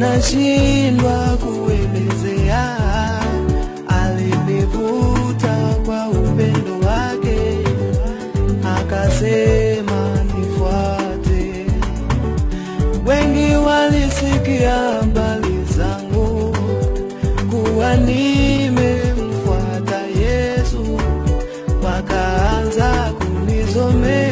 Ninashindwa kuelezea alinivuta kwa upendo wake, akasema nifuate. Wengi walisikia mbali zangu kuwa nimemfuata Yesu, wakaanza kunizomea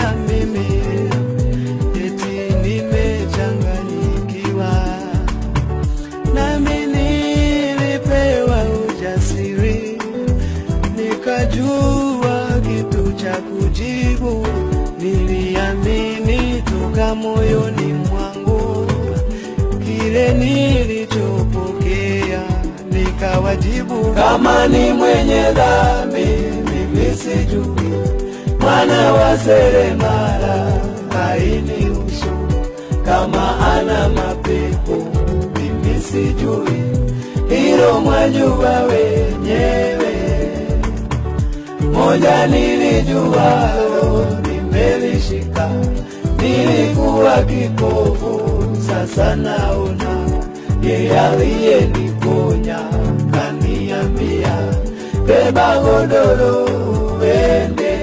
haikuwa kitu cha kujibu, niliamini toka moyoni mwangu kile nilichopokea, nikawajibu kama ni mwenye dhambi mimi sijui, mwana wa seremala hainihusu, kama ana mapepo mimi sijui, hilo mwajua wenye moja nilijua, nimelishika. Nilikuwa kipofu, sasa naona. Yeye aliyeniponya kaniambia, beba godoro uende.